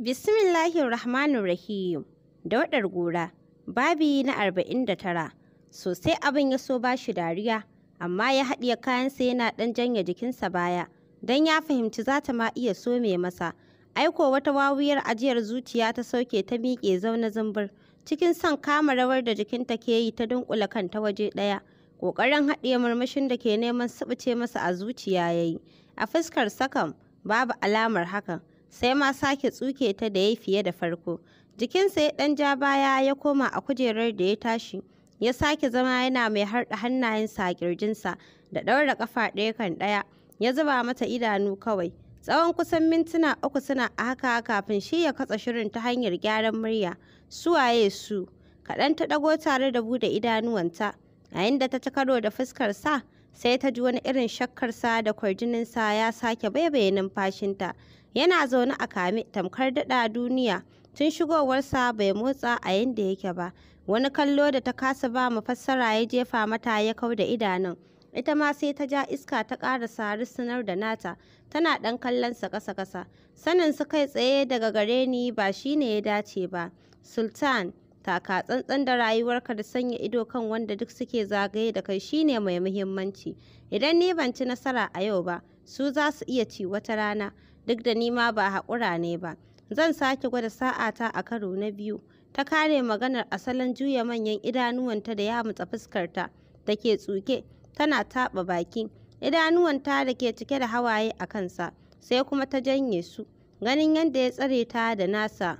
Bismillahir Rahmanir Rahim. Daudar gora, babi na arba'in da tara. Sosai abin ya so ba shi dariya, amma ya haɗiye kayansa yana ɗan janya jikinsa baya, Dan ya fahimci za ta ma iya so mai masa. Aiko wata wawuyar ajiyar zuciya ta sauke ta miƙe zauna zumbur, cikin son kama rawar da jikinta ke yi ta kan ta waje ɗaya. Ƙoƙarin haɗiye murmushin da ke neman subuce masa a zuciya ya yi. A fuskar sakam, babu alamar hakan. sai ma sake tsuke ta da ya fiye da farko jikinsa ya ɗan ja baya ya koma a kujerar da ya tashi ya sake zama yana mai harɗa hannayensa a ƙirjinsa da ɗaura ƙafa ɗaya kan ɗaya ya zuba mata idanu kawai tsawon kusan mintuna uku suna a haka kafin shi ya katsa shirin ta hanyar gyaran murya suwaye su kaɗan ta ɗago tare da bude idanuwanta yayin da ta ci karo da fuskar sa sai ta ji wani irin shakkarsa sa da kwarjininsa ya sake baibaye numfashinta yana zaune a kame tamkar daɗa duniya tun shigowarsa bai motsa a yadda yake ba wani kallo da ta kasa ba mu fassara ya jefa mata ya kau da idanun ita ma sai ta ja iska ta ƙara sari sanar da nata tana ɗan kallon sa ƙasa-ƙasa sanin su kai tsaye daga gare ni ba shine ya dace ba sultan taka tsantsan da rayuwarka da sanya ido kan wanda duk suke zagaye da kai shine mai muhimmanci idan ni ban ci nasara a yau ba su za su iya ci wata rana duk da nima ba haƙura ne ba zan sake gwada sa'a ta a karo na biyu ta kare maganar asalin juya manyan idanuwanta da ya mutsa fuskarta da ke tsuke tana taɓa baki idanuwanta da ke cike da hawaye a kansa sai kuma ta janye su ganin yadda ya tsare ta da nasa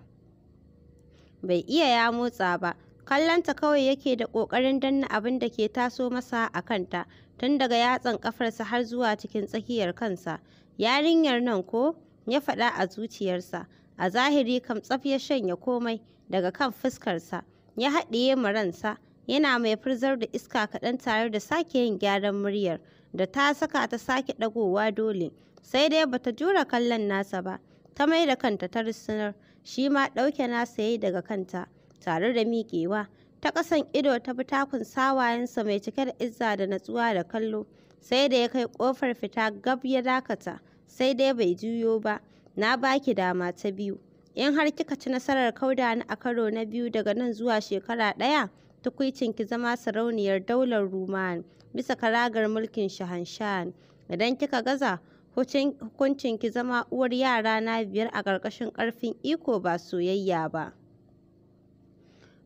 bai iya ya motsa ba kallonta kawai yake da ƙoƙarin danna abin da ke taso masa a kanta tun daga yatsan ƙafarsa har zuwa cikin tsakiyar kansa yarinyar nan ko ya faɗa a zuciyarsa a zahiri kam tsaf ya shanya komai daga kan fuskarsa ya haɗiye maransa yana mai furzar da iska kaɗan tare da sake yin gyaran muryar da ta saka ta sake ɗagowa dole sai dai bata jura kallon nasa ba ta mai da kanta ta rusunar shi ma ɗauke nasa yayi daga kanta tare da miƙewa ta ƙasan ido ta bi takun sawayensa mai cike da izza da natsuwa da kallo sai da ya kai ƙofar fita gab ya dakata sai dai bai juyo ba na baki dama ta biyu in har kika ci nasarar kauda ni a karo na biyu daga nan zuwa shekara ɗaya tukuicin ki zama sarauniyar daular ruman bisa karagar mulkin shahanshan idan kika gaza hukuncin ki zama uwar yara na biyar a ƙarƙashin ƙarfin iko ba soyayya ba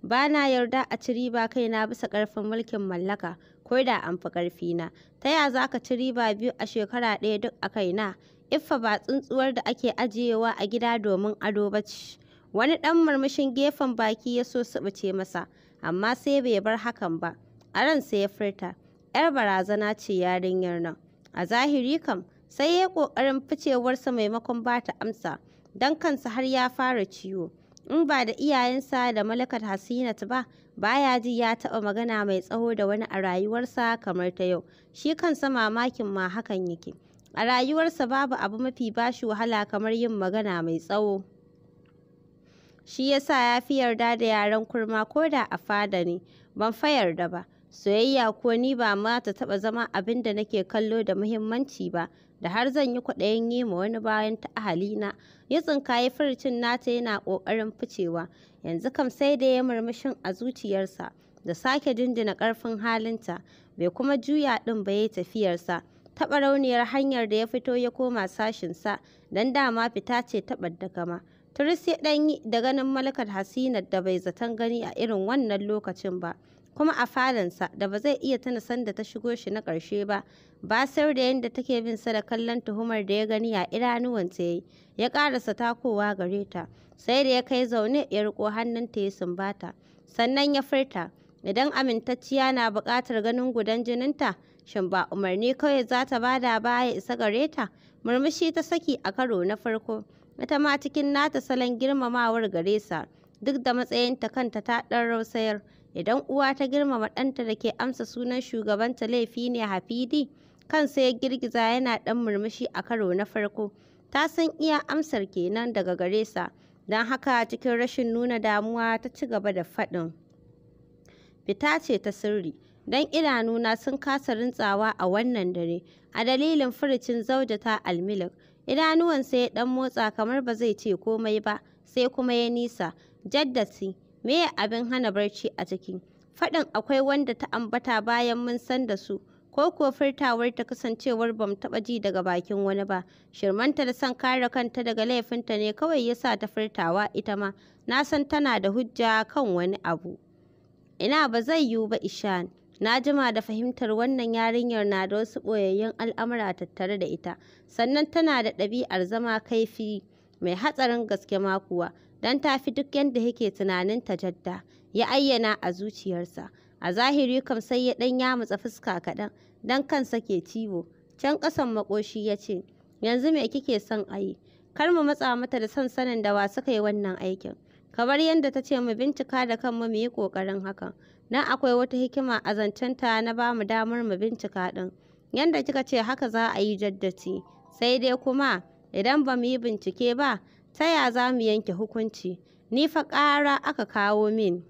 ba na yarda a ci riba kaina bisa ƙarfin mulkin mallaka ko da an fi na ta ya za ka ci riba biyu a shekara ɗaya duk a kai na iffa ba tsuntsuwar da ake ajiyewa a gida domin ado ba ce wani ɗan murmushin gefen baki ya so su subuce masa amma sai bai bar hakan ba a ran sai ya furta yar barazana ce yarinyar nan a zahiri kam sai ya yi ƙoƙarin ficewarsa maimakon ba ta amsa don kansa har ya fara ciwo in ba da iyayensa da malakar hasinat ba baya ji ya taɓa magana mai tsawo da wani a rayuwarsa kamar ta yau shi kansa mamakin ma hakan yake a rayuwarsa babu abu mafi bashi wahala kamar yin magana mai tsawo shi yasa ya fi yarda da yaren kurma ko da a fada ne ban fa yarda ba soyayya ko ni ba ma ta taɓa zama abin da nake kallo da muhimmanci ba da har zan yi kwaɗayin yi ma wani bayan ta ahalina ya tsinkaye furcin nata yana ƙoƙarin ficewa yanzu kam sai da ya murmushin a zuciyarsa da sake jinjina ƙarfin halinta bai kuma juya ɗin ba ya tafiyarsa taɓa rauniyar hanyar da ya fito ya koma sashinsa don dama fita ce taɓar da gama turis ya ɗan yi da ganin malakar hasinar da bai zaton gani a irin wannan lokacin ba kuma a falansa da ba zai iya tana sanda ta shigo shi na ƙarshe ba Ba sai da yadda take bin sa da kallon tuhumar da ya gani a iranuwan yayi ya ƙarasa takowa gare ta sai da ya kai zaune ya riko hannunta ya sumbata sannan ya furta idan amintacciya na buƙatar ganin gudan jininta shin ba umarni kawai za ta bada ba ya isa gare ta murmushi ta saki a karo na farko ita ma cikin nata salon girmamawar gare sa duk da matsayinta kanta ta ɗan rausayar idan uwa ta girmama ɗanta da ke amsa sunan shugabanta laifi ne hafidi kan sai girgiza yana ɗan murmushi a karo na farko ta san iya amsar kenan daga gare sa don haka cikin rashin nuna damuwa ta ci gaba da faɗin fita ce ta sirri don idanuna sun kasa rintsawa a wannan dare a dalilin furucin zaujata almilik idanuwansa ya ɗan motsa kamar ba zai ce komai ba sai kuma ya nisa jaddasi me abin hana barci a ciki faɗin akwai wanda ta ambata bayan mun san da su ko kuwa furtawar ta kasancewar bam taɓa ji daga bakin wani ba shirmanta da san kare kanta daga laifinta ne kawai ya sa ta furtawa ita ma na san tana da hujja kan wani abu ina ba zai yiwu ba ishan na jima da fahimtar wannan yarinyar na da wasu ɓoyayyun al'amura tattare da ita sannan tana da ɗabi'ar zama kaifi mai hatsarin gaske ma kuwa don ta fi duk yadda yake tunanin ta jadda ya ayyana a zuciyarsa a zahiri kam sai ya ɗan yamutsa fuska kaɗan don kansa ke ciwo can ƙasan makoshi ya ce yanzu me kike son a yi kar mu matsa mata da sansanin da wa suka yi wannan aikin kamar yadda ta ce mu bincika da kanmu mu yi ƙoƙarin hakan nan akwai wata hikima a zancenta na ba mu damar mu bincika ɗin yadda kika ce haka za a yi jaddaci sai dai kuma idan ba mu yi bincike ba ta ya za mu yanke hukunci ni fa ƙara aka kawo min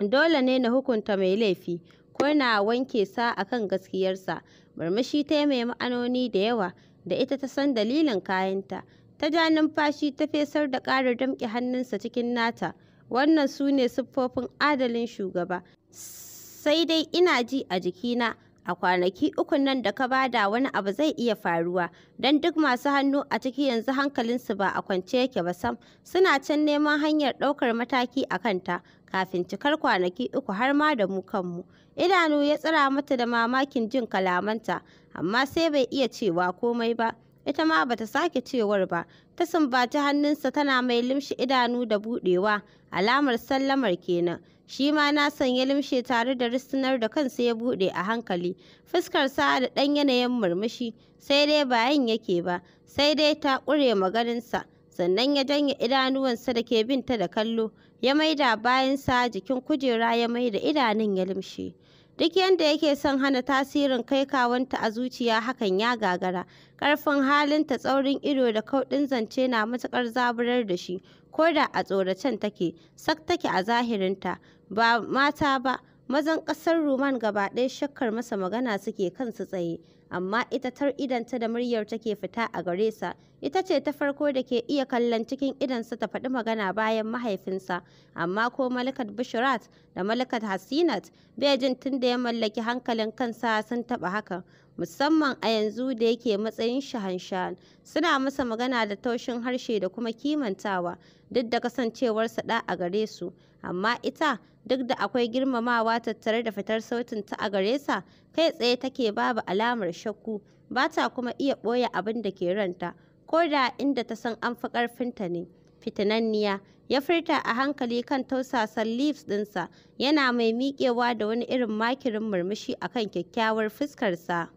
dole ne na hukunta mai laifi ko na wanke sa akan gaskiyarsa murmushi ta mai ma'anoni da yawa da ita ta san dalilin kayanta ta ja numfashi ta fesar da ƙarar damƙe hannunsa cikin nata wannan su ne siffofin adalin shugaba sai dai ina ji a jikina a kwanaki uku nan da ka bada wani abu zai iya faruwa don duk masu hannu a ciki yanzu hankalinsu ba a kwance yake ba sam suna can neman hanyar ɗaukar mataki a kanta kafin cikar kwanaki uku har ma da mu kanmu idanu ya tsira mata da mamakin jin kalamanta amma sai bai iya cewa komai ba ita ma bata sake cewar ba ta sumbaci hannunsa tana mai limshi idanu da buɗewa alamar sallamar kenan shi ma na san ya limshe tare da ristinar da kansa ya bude a hankali Fuskar fuskarsa da ɗan yanayin murmushi sai dai bayan yake ba sai dai ta ƙure maganinsa sannan ya janye idanuwansa da ke binta da kallo ya maida bayansa jikin kujera ya maida idanun ya limshe duk yadda yake son hana tasirin kai kawanta a zuciya hakan ya gagara ƙarfin halinta tsaurin ido da kauɗin zance na matuƙar zaburar da shi ko da a tsoracen take sak take a zahirinta ba mata ba mazan ƙasar Roman gaba ɗaya shakkar masa magana suke kansu tsaye amma ita tar idanta da muryar take fita a gare sa ita ce ta farko da ke iya kallon cikin idansa ta faɗi magana bayan mahaifinsa amma ko malakat bushrat da malakat hasinat bai jin tun da ya mallaki hankalin kansa sun taɓa haka musamman a yanzu da yake matsayin shahanshan suna masa magana da taushin harshe da kuma kimantawa duk da kasancewarsa ɗa a gare su amma ita duk da akwai girmamawa tattare da fitar sautin ta a gare sa kai tsaye take babu alamar shakku ba ta kuma iya ɓoye abin da ke ranta ko da inda ta san an fi ƙarfinta ne fitinanniya ya furta a hankali kan tausasan leaves ɗinsa yana mai miƙewa da wani irin makirin murmushi akan kyakkyawar fuskarsa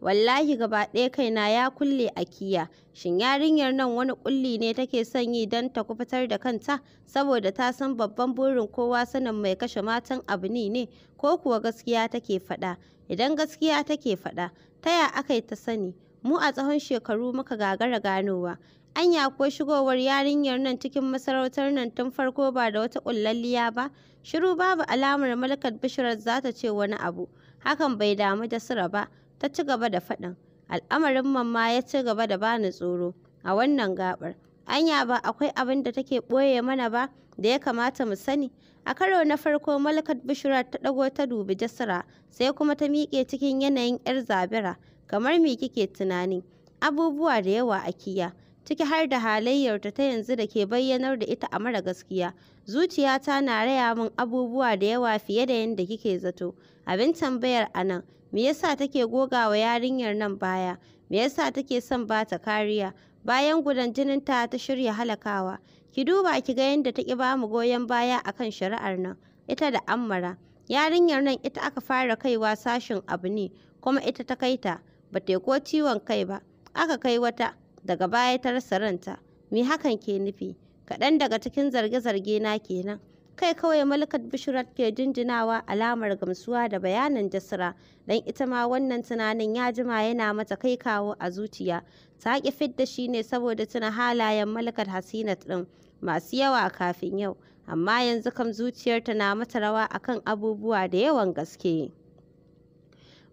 wallahi gaba ɗaya kaina ya kulle a kiya shin yarinyar nan wani kulli ne take son yi don ta kufatar da kanta saboda ta san babban burin kowa sanin mai kashe matan abu ne ko kuwa gaskiya take faɗa idan gaskiya take faɗa taya aka ta sani mu a tsawon shekaru muka gagara ganowa anya ko shigowar yarinyar nan cikin masarautar nan tun farko ba da wata ƙullalliya ba shiru babu alamar malakar bishirar za ta ce wani abu hakan bai damu da sura ba ta ci gaba da faɗin al'amarin mamma ya ci gaba da bani tsoro a wannan gaɓar. anya ba akwai abin da take ɓoye mana ba da ya kamata mu sani a karo na farko malakat bishira ta ɗago ta dubi jasira sai kuma ta miƙe cikin yanayin 'yar zabira kamar me kike tunani abubuwa da yawa a kiya ciki har da halayyarta ta yanzu da ke bayyanar da ita a mara gaskiya zuciyata na raya min abubuwa da yawa fiye da yadda kike zato abin tambayar anan me yasa take goga wa yarinyar nan baya me yasa take son ba ta kariya bayan gudan jinin ta ta shirya halakawa ki duba ki ga yadda ta ƙi ba mu goyon baya akan shari'ar nan ita da ammara yarinyar nan ita aka fara kaiwa sashin abu ne kuma ita ta kai ta ba ta ko ciwon kai ba aka kai wata daga baya ta rasa ranta me hakan ke nufi kaɗan daga cikin zarge-zarge na kenan kai kawai malakat bishirat ke jinjinawa alamar gamsuwa da bayanin jasira don ita ma wannan tunanin ya jima yana mata kai kawo a zuciya ta ƙi fidda shi ne saboda tuna halayen malakat hasinat ɗin masu yawa kafin yau amma yanzu kam zuciyarta na mata rawa akan abubuwa da yawan gaske.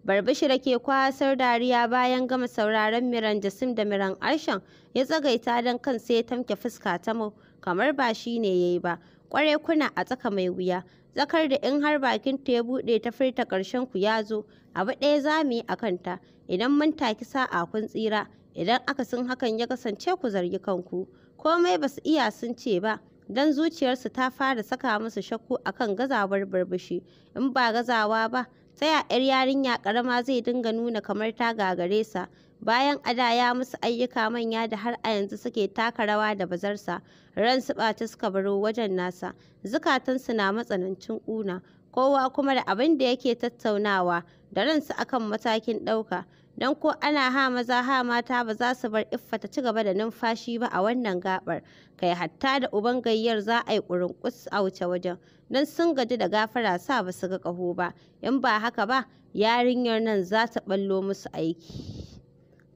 Barbishira ke kwasar dariya bayan gama sauraron Miran Jasim da Miran arshen ya tsagaita don kan sai ya tamke fuska ta mu kamar ba shi ne ya yi ba ƙwarai kuna a tsaka mai wuya zakar da in har bakin ta ya buɗe ta furta ƙarshen ku ya zo abu ɗaya za mu yi a kanta idan mun taki sa'a kun tsira idan akasin hakan ya kasance ku zargi kanku komai ba su iya sun ce ba don zuciyarsu ta fara saka musu shakku akan gazawar barbashi in ba gazawa ba ta ya 'yar yarinya ƙarama zai dinga nuna kamar ta gagare sa bayan ada ya musu ayyuka manya da har a yanzu suke taka rawa da bazarsa Ransu su ɓata suka baro wajen nasa zukatansu na matsanancin ƙuna kowa kuma da abinda yake tattaunawa da ransu akan matakin ɗauka don ko ana ha maza ha mata ba za su bar iffa ta ci gaba da numfashi ba a wannan gabar kai hatta da uban gayyar za a yi kus a wuce wajen don sun gaji da gafara sa ba su ga ƙaho ba in ba haka ba yarinyar nan za ta ɓallo musu aiki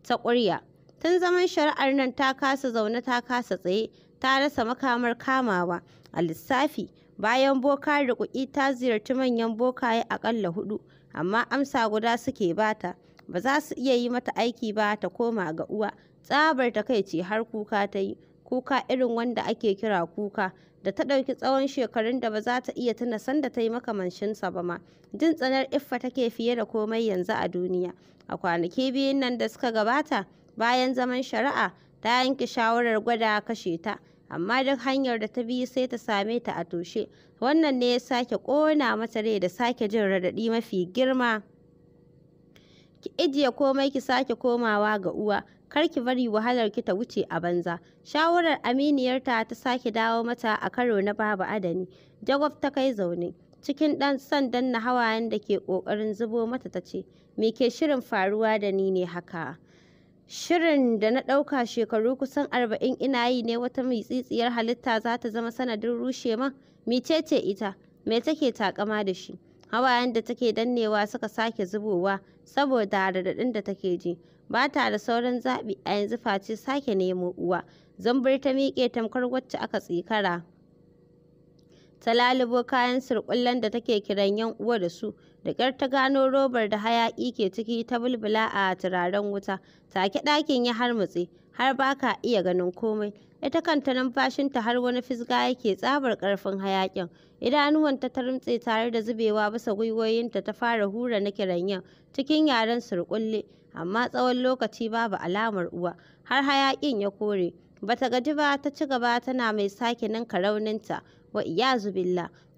ta ƙurya tun zaman shari'ar nan ta kasa zaune ta kasa tsaye ta rasa makamar kamawa a lissafi bayan boka da kuɗi ta ziyarci manyan bokaye aƙalla hudu amma amsa guda suke bata ba za su iya yi mata aiki ba ta koma ga uwa tsabar ta kai ce har kuka ta yi kuka irin wanda ake kira kuka da ta ɗauki tsawon shekarun da ba za ta iya tuna sanda ta yi makamanshinsa ba ma jin tsanar iffa take fiye da komai yanzu a duniya a kwanaki biyun nan da suka gabata bayan zaman shari'a ta yanke shawarar gwada kashe ta amma duk hanyar da ta bi sai ta same ta a toshe wannan ne ya sake ƙona mata rai da sake jin raɗaɗi mafi girma ki ajiye komai ki sake komawa ga uwa kar ki bari wahalar ki ta wuce a banza shawarar aminiyarta ta sake dawo mata a karo na babu adani jagwab ta kai zaune cikin ɗan son danna hawayen da ke ƙoƙarin zubo mata ta ce me ke shirin faruwa da ni ne haka shirin da na ɗauka shekaru kusan arba'in ina yi ne wata mai tsitsiyar halitta za ta zama sanadin rushe ma mecece ita me take takama da shi hawayen da take dannewa suka sake zubowa saboda radadin da take ji ba ta da sauran zaɓi a yanzu face sake nemo uwa zambir ta miƙe tamkar wacce aka tsikara ta lalubo kayan sirƙullen da take kiran yan uwa da su da ƙyar ta gano robar da hayaƙi ke ciki ta bulbula a turaren wuta take ɗakin ya harmutse har ba ka iya ganin komai ita kanta numfashinta har wani fisga yake tsabar ƙarfin hayaƙin idanuwanta ta rumtse tare da zubewa bisa gwiwoyinta ta fara hura na yau cikin yaren surkulle amma tsawon lokaci babu alamar uwa har hayaƙin ya kore bata gaji ba ta ci gaba tana mai sake ninka rauninta wa iyazu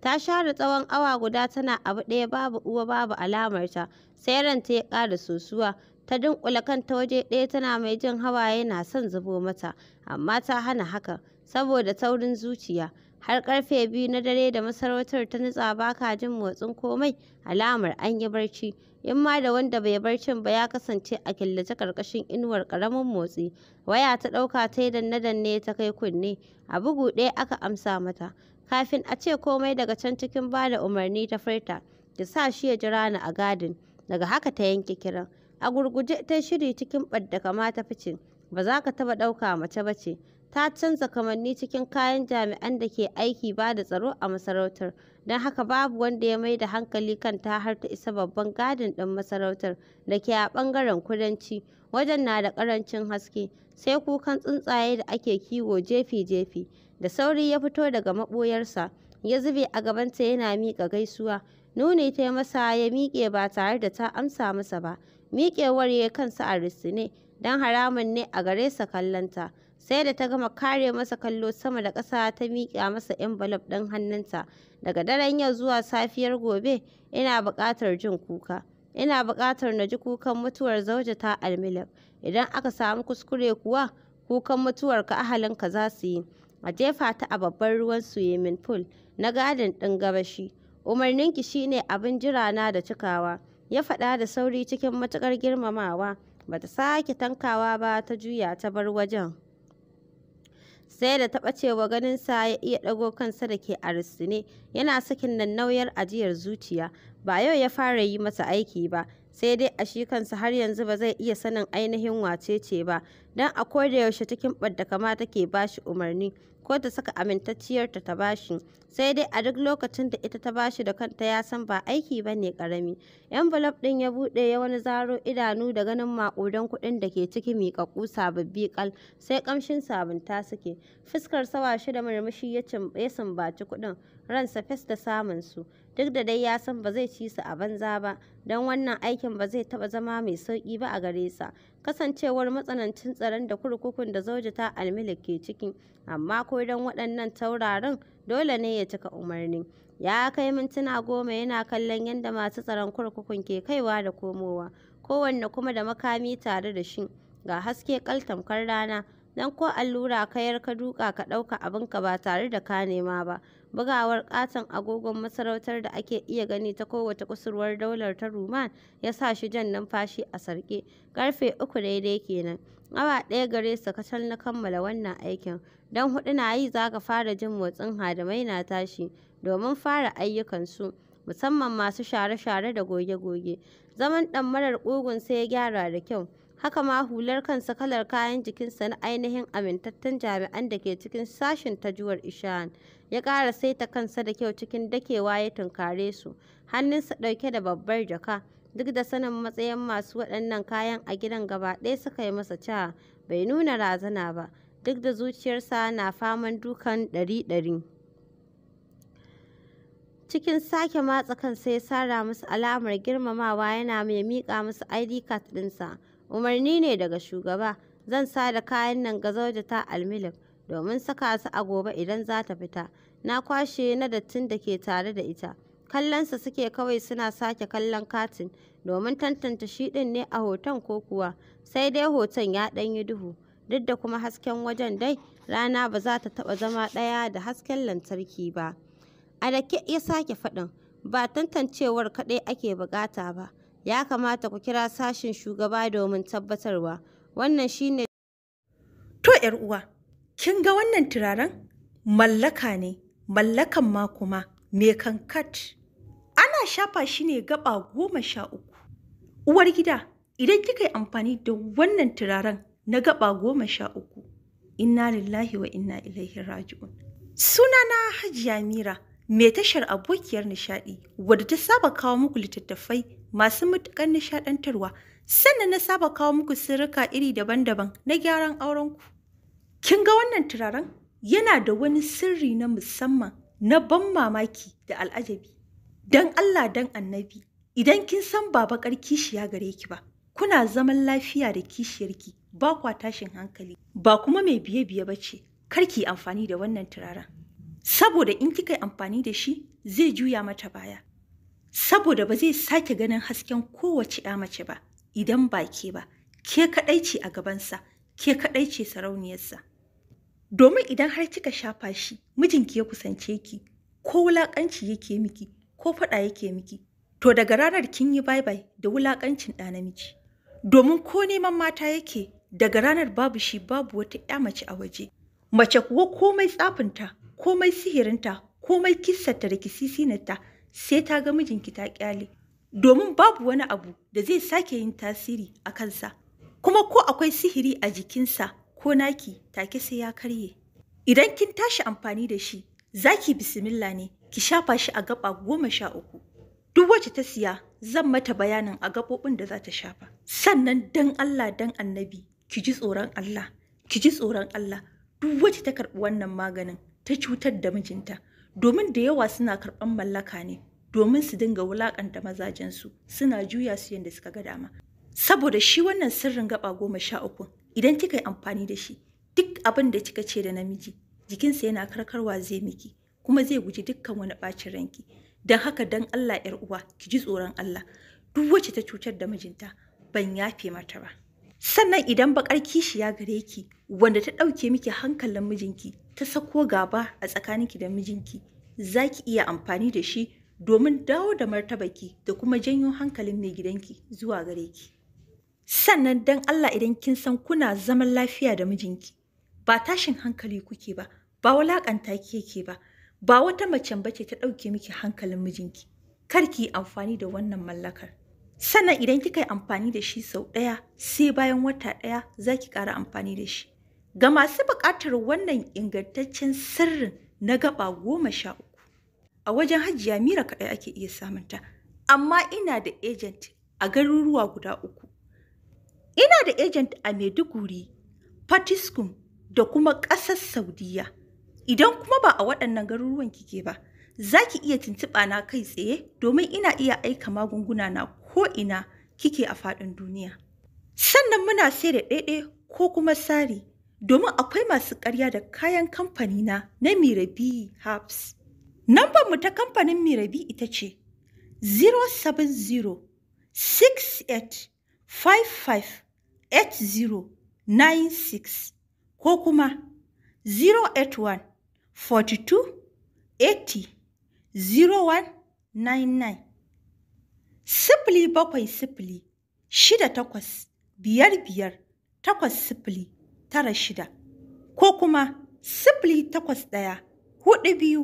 ta share tsawon awa guda tana abu ɗaya babu uwa babu alamarta sai ranta ya ƙara sosuwa ta dunkula kanta waje ɗaya tana mai jin hawaye na son zubo mata amma ta hana hakan saboda taurin zuciya har karfe biyu na dare da masarautar ta nutsa ka jin motsin komai alamar an yi barci in ma da wanda bai barcin ba ya kasance a killace karkashin inuwar karamin motsi waya ta dauka ta danne danne ta kai kunne a bugu ɗaya aka amsa mata kafin a ce komai daga can cikin ba da umarni ta furta ki sa shi ya jira ni a gadin daga haka ta yanke kiran a gurguje ta shiri cikin ɓadda kama ta fice ba za ka taba ɗauka mace ba ce ta canza kamanni cikin kayan jami'an da ke aiki ba da tsaro a masarautar don haka babu wanda ya mai da hankali kan ta har ta isa babban gadin ɗin masarautar da ke a ɓangaren kudanci wajen na da ƙarancin haske sai kukan tsuntsaye da ake kiwo jefi-jefi da sauri ya fito daga maɓoyarsa ya zube a gabanta yana miƙa gaisuwa nuni ta masa ya miƙe ba tare da ta amsa masa ba miƙewar ya kansa a ristine don haramun ne a gare sa kallonta sai da ta gama kare masa kallo sama da ƙasa ta miƙa masa envelope ɗin hannunta daga daren yau zuwa safiyar gobe ina buƙatar jin kuka ina buƙatar na ji kukan mutuwar zaujata almilab idan aka samu kuskure kuwa kukan mutuwar ka ahalinka za su yi a jefa ta a babban ruwan swimming pool na gadin ɗin gabashi umarninki shine abin jira na da cikawa ya faɗa da sauri cikin matuƙar girmamawa bata sake tankawa ba ta juya ta bar wajen sai da cewa ganin sa ya iya ɗago kansa da ke a ne yana sakin nan nauyar ajiyar zuciya ba yau ya fara yi masa aiki ba sai dai a shi kansa har yanzu ba zai iya sanin ainihin wacece ba don a da yaushe cikin ɓadda kama take bashi umarni ko ta saka amintacciyarta ta bashi sai dai a duk lokacin da ita ta bashi da kanta ya san ba aiki ba ne karami envelope din ya buɗe ya wani zaro idanu da ganin maƙudan kuɗin da ke ciki miƙaƙƙu sababbi kal sai ƙamshin sabunta suke fuskar sawa shi da murmushi ya sumbaci kuɗin ransa fes da samun su duk da dai ya san ba zai ci su a banza ba don wannan aikin ba zai taɓa zama mai sauƙi ba a gare sa kasancewar matsanancin tsaron da kurkukun da zaujata almilik ke ciki amma ko don waɗannan tauraron, dole ne ya cika umarni ya kai mintuna goma yana kallon yadda masu tsaron kurkukun ke kaiwa da komowa kowanne kuma da makami tare da shi ga haske kaltamkar rana don ko allura kayar ka duka ka ɗauka abinka ba tare da ka nema ba bugawar ƙaton agogon masarautar da ake iya gani ta kowace kusurwar daular ta ruman ya sa shi jan numfashi a sarƙe karfe uku daidai kenan awa ɗaya gare su kacal na kammala wannan aikin don huɗu na yi za ka fara jin motsin hadamai na tashi domin fara ayyukansu musamman masu share-share da goge-goge zaman ɗan marar ƙugun sai ya gyara da kyau haka ma hular kansa kalar kayan jikinsa na ainihin amintattun jami'an da ke cikin sashen tajuwar ishan ya ƙara saita kansa da kyau cikin dakewa ya tunkare su hannunsa ɗauke da babbar jaka duk da sanin matsayin masu waɗannan kayan a gidan gaba ɗaya suka yi masa ca bai nuna razana ba duk da zuciyarsa na faman dukan ɗari-ɗari cikin sake matsa kansa ya sara musu alamar girmamawa yana mai miƙa musu id card ɗinsa Umarni ne daga shugaba. Zan sada kayan nan ga Zaujata ta Almilik domin saka su a gobe idan za ta fita. Na kwashe na dattin da ke tare da ita. Kallonsa suke kawai suna sake kallon katin domin tantanta shi ɗin ne a hoton ko kuwa sai dai hoton ya ɗan yi duhu. Duk da kuma hasken wajen dai rana ba za ta taɓa zama ɗaya da hasken lantarki ba. A da ya sake faɗin ba tantancewar kaɗai ake buƙata ba. ya kamata ku kira sashen shugaba domin tabbatarwa wannan shine to yar uwa kin ga wannan turaren mallaka ne mallakan ma kuma me kan kat. ana shafa shi ne gaba goma sha uku uwar gida idan kika yi amfani da wannan turaren na gaba goma sha uku inna lillahi wa inna ilaihi raji'un sunana hajiya mira mai tashar abokiyar nishaɗi wadda ta saba kawo muku littattafai masu matuƙar nishaɗantarwa sannan na saba kawo muku sirrika iri daban-daban na gyaran aurenku. Kin ga wannan turaren yana da wani sirri na musamman na ban mamaki da al'ajabi. Don Allah don annabi, idan kin san ba baƙar kishiya gare ki ba, kuna zaman lafiya da kishiyarki ba kwa tashin hankali, ba kuma mai biye-biye ba ce, kar karki amfani da wannan turaren. Saboda in kika yi amfani da shi zai juya mata baya. saboda ba zai sake ganin hasken kowace ya mace ba idan ba ke ba ke kaɗai ce a gabansa ke kaɗai ce sarauniyarsa domin idan har kika shafa shi mijinki ya kusance ki ko wulaƙanci yake miki ko faɗa yake miki to daga ranar kin yi bye bye da wulaƙancin ɗa namiji domin ko neman mata yake daga ranar babu shi babu wata ya mace a waje mace kuwa komai tsafinta komai sihirinta komai kissarta da kisisinarta sai ta ga mijinki ta kyale domin babu wani abu da zai sake yin tasiri a kansa kuma ko akwai sihiri a jikinsa ko naki take sai ya karye idan kin tashi amfani da shi zaki bisimilla ne ki shafa shi a gaba goma sha uku duk wacce ta siya zan mata bayanin a gaɓoɓin da za ta shafa sannan dan Allah dan annabi ki ji tsoron Allah ki ji tsoron Allah duk wacce ta karɓi wannan maganin ta cutar da mijinta domin da yawa suna karɓan mallaka ne domin su dinga wulaƙanta mazajensu suna juya su yadda suka ga dama saboda shi wannan sirrin gaba goma sha uku idan kika yi amfani da shi duk abin da kika ce da namiji jikinsa yana karkarwa zai miki kuma zai guji dukkan wani ɓacin ranki don haka dan Allah ‘yar uwa ki ji tsoron Allah duk wacce ta cutar da mijinta ban yafe mata ba sannan idan baƙar kishi ya gare ki wanda ta ɗauke miki hankalin mijinki ta sako gaba a tsakaninki da mijinki za ki iya amfani da shi domin dawo da martabaki da kuma janyo hankalin mai gidanki zuwa gare ki. Sannan don Allah idan kin san kuna zaman lafiya da mijinki, ba tashin hankali kuke ba, ba walaƙanta ki yake ba, ba wata macen bace ta ɗauke miki hankalin mijinki. Kar ki amfani da wannan mallakar. Sannan idan kika yi amfani da shi sau ɗaya, sai bayan wata ɗaya za ki ƙara amfani da shi. Ga masu buƙatar wannan ingantaccen sirrin na gaba goma sha uku, a wajen Hajiya Mira kaɗai ake iya samunta, amma ina da ejent a garuruwa guda uku. Ina da ejent a Maiduguri, Fatiskum da kuma ƙasar Saudiya. Idan kuma ba a waɗannan garuruwan kike ba, za ki iya tuntuɓa na kai tsaye domin ina iya aika magunguna na ko ina kike a faɗin duniya. Sannan muna sai da ɗaiɗai ko kuma sari. domin akwai masu ƙarya da kayan kamfani na na Mirabi Herbs. Nambar mu ta kamfanin Mirabi ita ce 070 68 55 8096 ko kuma 081 42 80 0199 sifili bakwai sifili shida takwas biyar biyar takwas sifili tara shida ko kuma sifili takwas ɗaya hudu biyu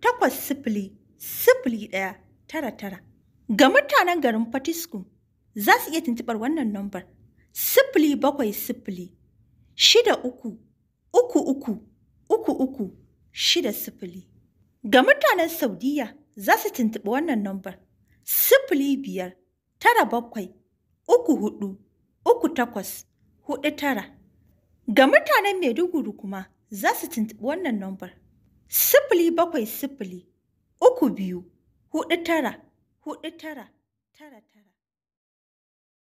takwas sifili sifili ɗaya tara tara. Ga mutanen garin Fatiskum za su iya tuntuɓar wannan nambar sifili bakwai sifili shida uku uku uku uku uku shida sifili. Ga mutanen Saudiya za su tuntuɓi wannan nambar sifili biyar tara bakwai uku hudu uku takwas hudu tara. Ga mutanen Maiduguri kuma za su tuntuɓi wannan nombar. Sifili bakwai sifili, uku biyu, huɗu tara, huɗu tara, tara tara.